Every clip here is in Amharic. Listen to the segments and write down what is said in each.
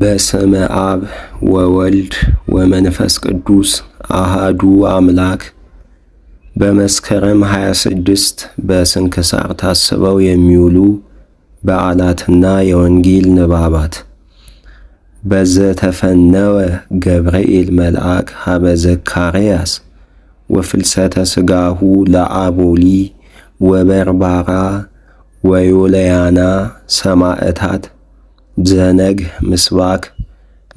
በስመ አብ ወወልድ ወመንፈስ ቅዱስ አሃዱ አምላክ። በመስከረም 26 በስንክሳር ታስበው የሚውሉ በዓላትና የወንጌል ንባባት በዘተፈነወ ገብርኤል መልአክ ሀበ ዘካርያስ ወፍልሰተ ሥጋሁ ለአቦሊ ወበርባራ ወዮለያና ሰማዕታት ዘነግ ምስባክ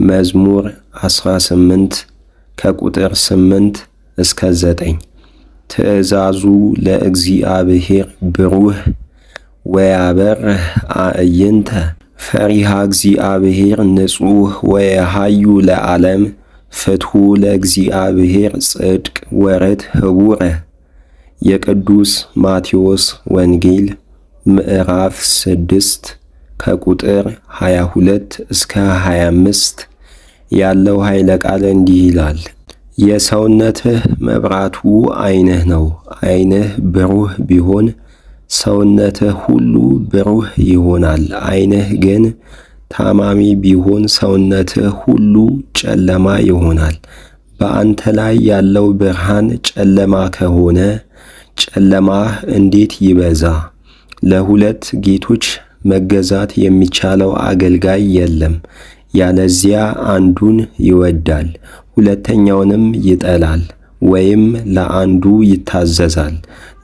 መዝሙር 18 ከቁጥር 8 እስከ 9 ትእዛዙ ለእግዚአብሔር ብሩህ ወያበርህ አእይንተ ፈሪሃ እግዚአብሔር ንጹህ ወየሃዩ ለዓለም ፍትሑ ለእግዚአብሔር ጽድቅ ወረት ህቡረ የቅዱስ ማቴዎስ ወንጌል ምዕራፍ ስድስት ከቁጥር 22 እስከ 25 ያለው ኃይለ ቃል እንዲህ ይላል። የሰውነትህ መብራቱ ዐይንህ ነው። ዐይንህ ብሩህ ቢሆን ሰውነትህ ሁሉ ብሩህ ይሆናል። ዐይንህ ግን ታማሚ ቢሆን ሰውነትህ ሁሉ ጨለማ ይሆናል። በአንተ ላይ ያለው ብርሃን ጨለማ ከሆነ ጨለማህ እንዴት ይበዛ! ለሁለት ጌቶች መገዛት የሚቻለው አገልጋይ የለም። ያለዚያ አንዱን ይወዳል፣ ሁለተኛውንም ይጠላል፣ ወይም ለአንዱ ይታዘዛል፣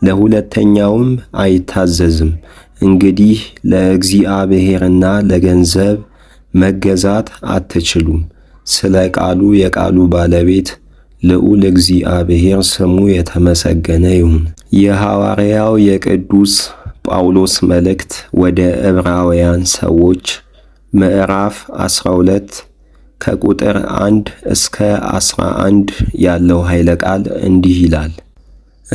ለሁለተኛውም አይታዘዝም። እንግዲህ ለእግዚአብሔርና ለገንዘብ መገዛት አትችሉም። ስለ ቃሉ የቃሉ ባለቤት ልዑል እግዚአብሔር ስሙ የተመሰገነ ይሁን። የሐዋርያው የቅዱስ የጳውሎስ መልእክት ወደ ዕብራውያን ሰዎች ምዕራፍ 12 ከቁጥር 1 እስከ 11 ያለው ኃይለ ቃል እንዲህ ይላል።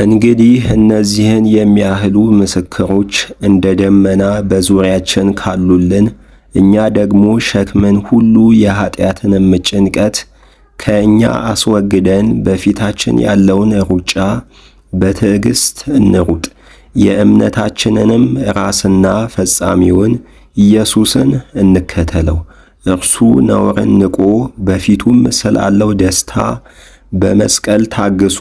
እንግዲህ እነዚህን የሚያህሉ ምስክሮች እንደ ደመና በዙሪያችን ካሉልን እኛ ደግሞ ሸክምን ሁሉ የኀጢአትንም ጭንቀት ከእኛ አስወግደን በፊታችን ያለውን ሩጫ በትዕግሥት እንሩጥ። የእምነታችንንም ራስና ፈጻሚውን ኢየሱስን እንከተለው። እርሱ ነውርን ንቆ በፊቱም ስላለው ደስታ በመስቀል ታግሶ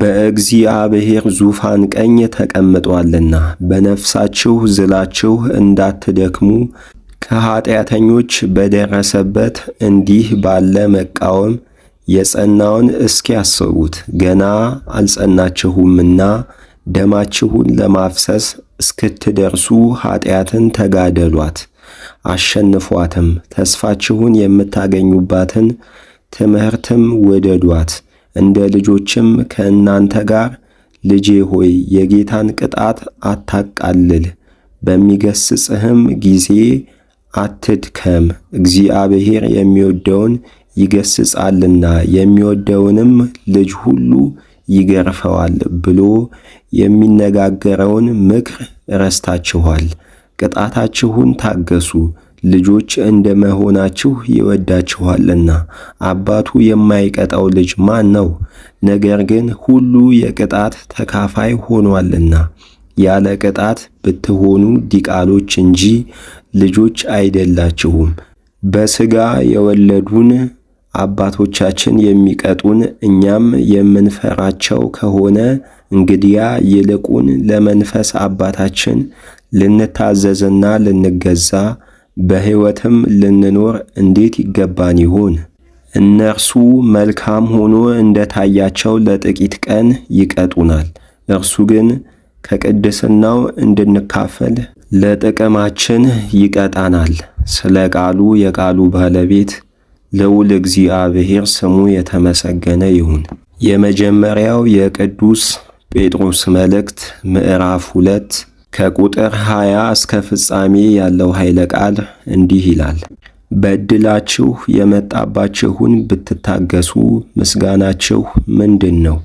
በእግዚአብሔር ዙፋን ቀኝ ተቀምጧልና በነፍሳችሁ ዝላችሁ እንዳትደክሙ ከኀጢአተኞች በደረሰበት እንዲህ ባለ መቃወም የጸናውን እስኪያስቡት ገና አልጸናችሁምና ደማችሁን ለማፍሰስ እስክትደርሱ ኀጢአትን ተጋደሏት፣ አሸንፏትም። ተስፋችሁን የምታገኙባትን ትምህርትም ውደዷት። እንደ ልጆችም ከእናንተ ጋር ልጄ ሆይ የጌታን ቅጣት አታቃልል፣ በሚገስጽህም ጊዜ አትድከም። እግዚአብሔር የሚወደውን ይገስጻልና የሚወደውንም ልጅ ሁሉ ይገርፈዋል ብሎ የሚነጋገረውን ምክር ረስታችኋል። ቅጣታችሁን ታገሱ፣ ልጆች እንደ መሆናችሁ ይወዳችኋልና። አባቱ የማይቀጣው ልጅ ማን ነው? ነገር ግን ሁሉ የቅጣት ተካፋይ ሆኗልና። ያለ ቅጣት ብትሆኑ ዲቃሎች እንጂ ልጆች አይደላችሁም። በሥጋ የወለዱን አባቶቻችን የሚቀጡን እኛም የምንፈራቸው ከሆነ እንግዲያ ይልቁን ለመንፈስ አባታችን ልንታዘዝና ልንገዛ በሕይወትም ልንኖር እንዴት ይገባን ይሆን? እነርሱ መልካም ሆኖ እንደታያቸው ለጥቂት ቀን ይቀጡናል። እርሱ ግን ከቅድስናው እንድንካፈል ለጥቅማችን ይቀጣናል። ስለ ቃሉ የቃሉ ባለቤት ልዑል እግዚአብሔር ስሙ የተመሰገነ ይሁን። የመጀመሪያው የቅዱስ ጴጥሮስ መልእክት ምዕራፍ ሁለት ከቁጥር 20 እስከ ፍጻሜ ያለው ኃይለ ቃል እንዲህ ይላል። በድላችሁ የመጣባችሁን ብትታገሱ ምስጋናችሁ ምንድን ነው?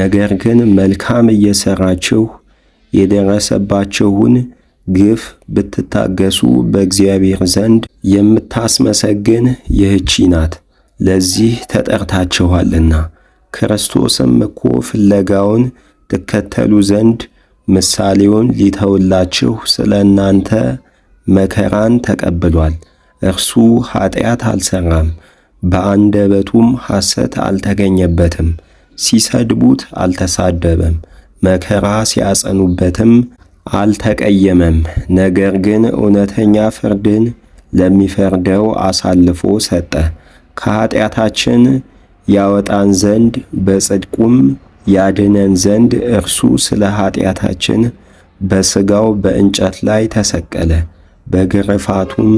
ነገር ግን መልካም እየሰራችሁ የደረሰባችሁን ግፍ ብትታገሱ በእግዚአብሔር ዘንድ የምታስመሰግን ይህቺ ናት፣ ለዚህ ተጠርታችኋልና። ክርስቶስም እኮ ፍለጋውን ትከተሉ ዘንድ ምሳሌውን ሊተውላችሁ ስለ እናንተ መከራን ተቀብሏል። እርሱ ኀጢአት አልሠራም፣ በአንደበቱም ሐሰት አልተገኘበትም። ሲሰድቡት አልተሳደበም፣ መከራ ሲያጸኑበትም አልተቀየመም። ነገር ግን እውነተኛ ፍርድን ለሚፈርደው አሳልፎ ሰጠ፣ ከኃጢአታችን ያወጣን ዘንድ በጽድቁም ያድነን ዘንድ እርሱ ስለ ኃጢአታችን በሥጋው በእንጨት ላይ ተሰቀለ። በግርፋቱም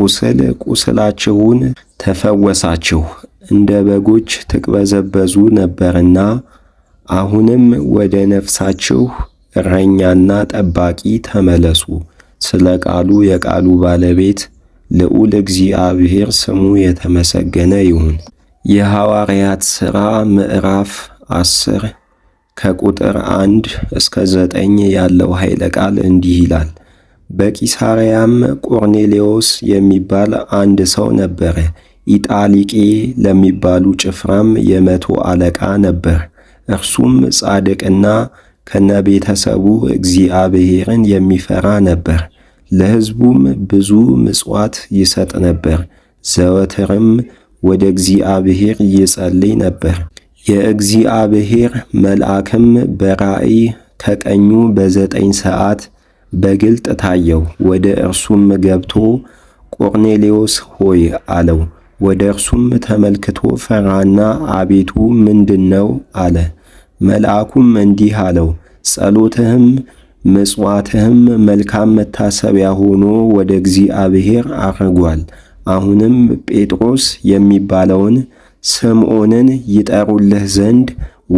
ቁስል ቁስላችሁን ተፈወሳችሁ። እንደ በጎች ትቅበዘበዙ ነበርና አሁንም ወደ ነፍሳችሁ እረኛና ጠባቂ ተመለሱ። ስለ ቃሉ የቃሉ ባለቤት ልዑል እግዚአብሔር ስሙ የተመሰገነ ይሁን። የሐዋርያት ሥራ ምዕራፍ አስር ከቁጥር አንድ እስከ ዘጠኝ ያለው ኃይለ ቃል እንዲህ ይላል። በቂሳርያም ቆርኔሌዎስ የሚባል አንድ ሰው ነበረ። ኢጣሊቄ ለሚባሉ ጭፍራም የመቶ አለቃ ነበር። እርሱም ጻድቅና ከነ ቤተሰቡ እግዚአብሔርን የሚፈራ ነበር። ለሕዝቡም ብዙ ምጽዋት ይሰጥ ነበር። ዘወትርም ወደ እግዚአብሔር ይጸልይ ነበር። የእግዚአብሔር መልአክም በራእይ ከቀኙ በዘጠኝ ሰዓት በግልጥ ታየው። ወደ እርሱም ገብቶ ቆርኔሌዎስ ሆይ አለው። ወደ እርሱም ተመልክቶ ፈራና፣ አቤቱ ምንድን ነው አለ። መልአኩም እንዲህ አለው፣ ጸሎትህም ምጽዋትህም መልካም መታሰቢያ ሆኖ ወደ እግዚአብሔር አርጓል። አሁንም ጴጥሮስ የሚባለውን ስምዖንን ይጠሩልህ ዘንድ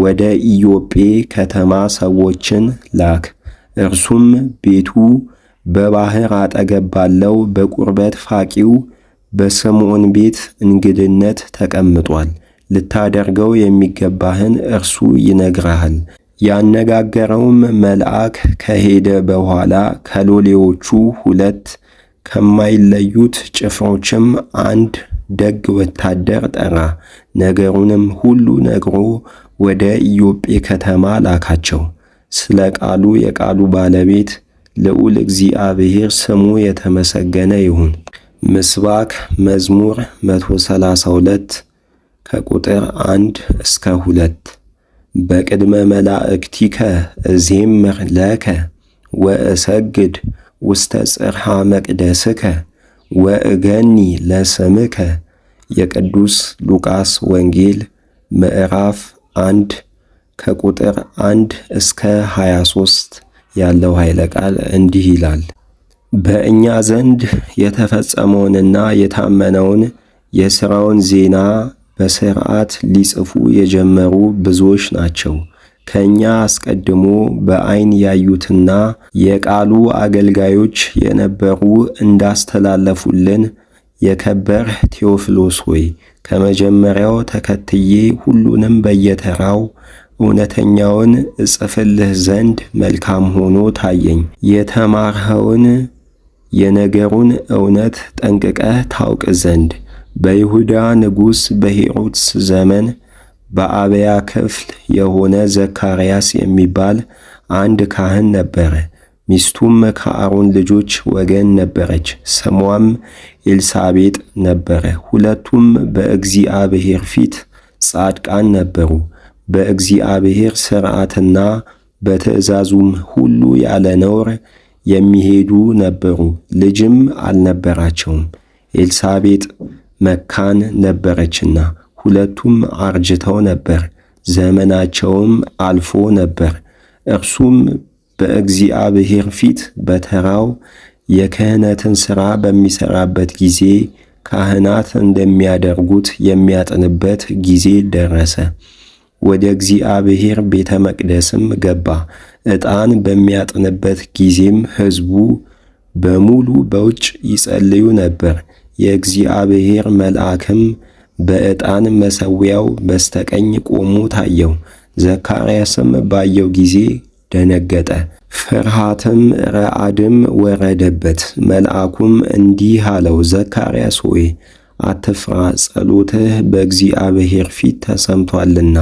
ወደ ኢዮጴ ከተማ ሰዎችን ላክ። እርሱም ቤቱ በባህር አጠገብ ባለው በቁርበት ፋቂው በስምዖን ቤት እንግድነት ተቀምጧል። ልታደርገው የሚገባህን እርሱ ይነግርሃል። ያነጋገረውም መልአክ ከሄደ በኋላ ከሎሌዎቹ ሁለት ከማይለዩት ጭፍሮችም አንድ ደግ ወታደር ጠራ። ነገሩንም ሁሉ ነግሮ ወደ ኢዮጴ ከተማ ላካቸው። ስለ ቃሉ የቃሉ ባለቤት ልዑል እግዚአብሔር ስሙ የተመሰገነ ይሁን። ምስባክ መዝሙር 132 ከቁጥር አንድ እስከ ሁለት በቅድመ መላእክቲከ እዜምር ለከ ወእሰግድ ውስተ ጽርሐ መቅደስከ ወእገኒ ለስምከ። የቅዱስ ሉቃስ ወንጌል ምዕራፍ አንድ ከቁጥር አንድ እስከ 23 ያለው ኃይለ ቃል እንዲህ ይላል። በእኛ ዘንድ የተፈጸመውንና የታመነውን የሥራውን ዜና በስርዓት ሊጽፉ የጀመሩ ብዙዎች ናቸው። ከእኛ አስቀድሞ በዐይን ያዩትና የቃሉ አገልጋዮች የነበሩ እንዳስተላለፉልን የከበርህ ቴዎፍሎስ ሆይ ከመጀመሪያው ተከትዬ ሁሉንም በየተራው እውነተኛውን እጽፍልህ ዘንድ መልካም ሆኖ ታየኝ። የተማርኸውን የነገሩን እውነት ጠንቅቀህ ታውቅ ዘንድ በይሁዳ ንጉሥ በሒሮድስ ዘመን በአብያ ክፍል የሆነ ዘካርያስ የሚባል አንድ ካህን ነበረ። ሚስቱም ከአሮን ልጆች ወገን ነበረች፣ ስሟም ኤልሳቤጥ ነበረ። ሁለቱም በእግዚአብሔር ፊት ጻድቃን ነበሩ፣ በእግዚአብሔር ሥርዓትና በትእዛዙም ሁሉ ያለ ነውር የሚሄዱ ነበሩ። ልጅም አልነበራቸውም። ኤልሳቤጥ መካን ነበረችና ሁለቱም አርጅተው ነበር፣ ዘመናቸውም አልፎ ነበር። እርሱም በእግዚአብሔር ፊት በተራው የክህነትን ሥራ በሚሠራበት ጊዜ ካህናት እንደሚያደርጉት የሚያጥንበት ጊዜ ደረሰ። ወደ እግዚአብሔር ቤተ መቅደስም ገባ። ዕጣን በሚያጥንበት ጊዜም ሕዝቡ በሙሉ በውጭ ይጸልዩ ነበር። የእግዚአብሔር መልአክም በዕጣን መሠዊያው በስተቀኝ ቆሞ ታየው። ዘካርያስም ባየው ጊዜ ደነገጠ፣ ፍርሃትም ረአድም ወረደበት። መልአኩም እንዲህ አለው፣ ዘካርያስ ሆይ አትፍራ፣ ጸሎትህ በእግዚአብሔር ፊት ተሰምቷልና።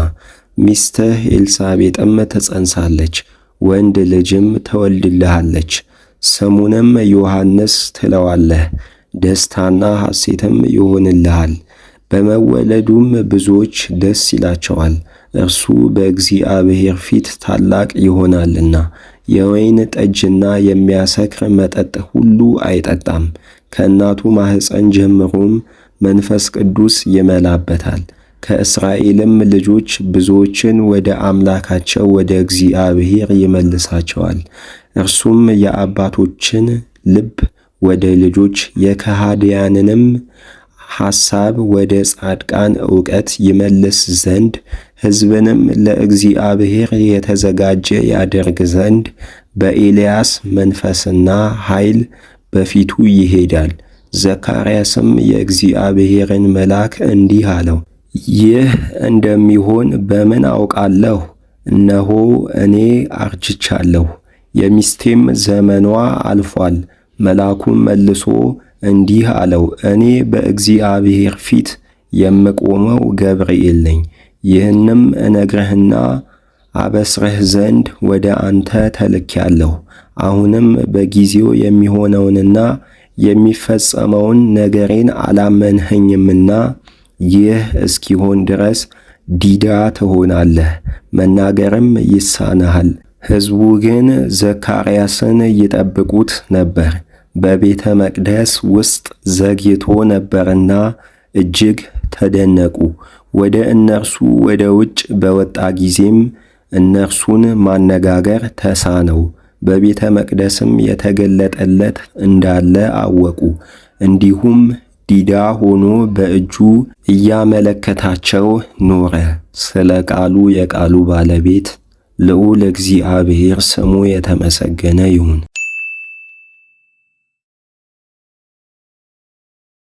ሚስትህ ኤልሳቤጥም ትጸንሳለች፣ ወንድ ልጅም ትወልድልሃለች፣ ስሙንም ዮሐንስ ትለዋለህ ደስታና ሐሴትም ይሆንልሃል። በመወለዱም ብዙዎች ደስ ይላቸዋል፣ እርሱ በእግዚአብሔር ፊት ታላቅ ይሆናልና። የወይን ጠጅና የሚያሰክር መጠጥ ሁሉ አይጠጣም። ከእናቱ ማኅፀን ጀምሮም መንፈስ ቅዱስ ይመላበታል። ከእስራኤልም ልጆች ብዙዎችን ወደ አምላካቸው ወደ እግዚአብሔር ይመልሳቸዋል። እርሱም የአባቶችን ልብ ወደ ልጆች የከሃዲያንንም ሐሳብ ወደ ጻድቃን ዕውቀት ይመልስ ዘንድ ሕዝብንም ለእግዚአብሔር የተዘጋጀ ያደርግ ዘንድ በኤልያስ መንፈስና ኃይል በፊቱ ይሄዳል። ዘካርያስም የእግዚአብሔርን መልአክ እንዲህ አለው፣ ይህ እንደሚሆን በምን አውቃለሁ? እነሆ እኔ አርጅቻለሁ፣ የሚስቴም ዘመኗ አልፏል መልአኩም መልሶ እንዲህ አለው፣ እኔ በእግዚአብሔር ፊት የምቆመው ገብርኤል ነኝ። ይህንም እነግረህና አበስረህ ዘንድ ወደ አንተ ተልኬአለሁ። አሁንም በጊዜው የሚሆነውንና የሚፈጸመውን ነገሬን አላመንህኝምና ይህ እስኪሆን ድረስ ዲዳ ትሆናለህ፣ መናገርም ይሳንሃል። ሕዝቡ ግን ዘካርያስን ይጠብቁት ነበር። በቤተ መቅደስ ውስጥ ዘግይቶ ነበርና እጅግ ተደነቁ። ወደ እነርሱ ወደ ውጭ በወጣ ጊዜም እነርሱን ማነጋገር ተሳነው። በቤተ መቅደስም የተገለጠለት እንዳለ አወቁ። እንዲሁም ዲዳ ሆኖ በእጁ እያመለከታቸው ኖረ። ስለ ቃሉ የቃሉ ባለቤት ልዑል እግዚአብሔር ስሙ የተመሰገነ ይሁን።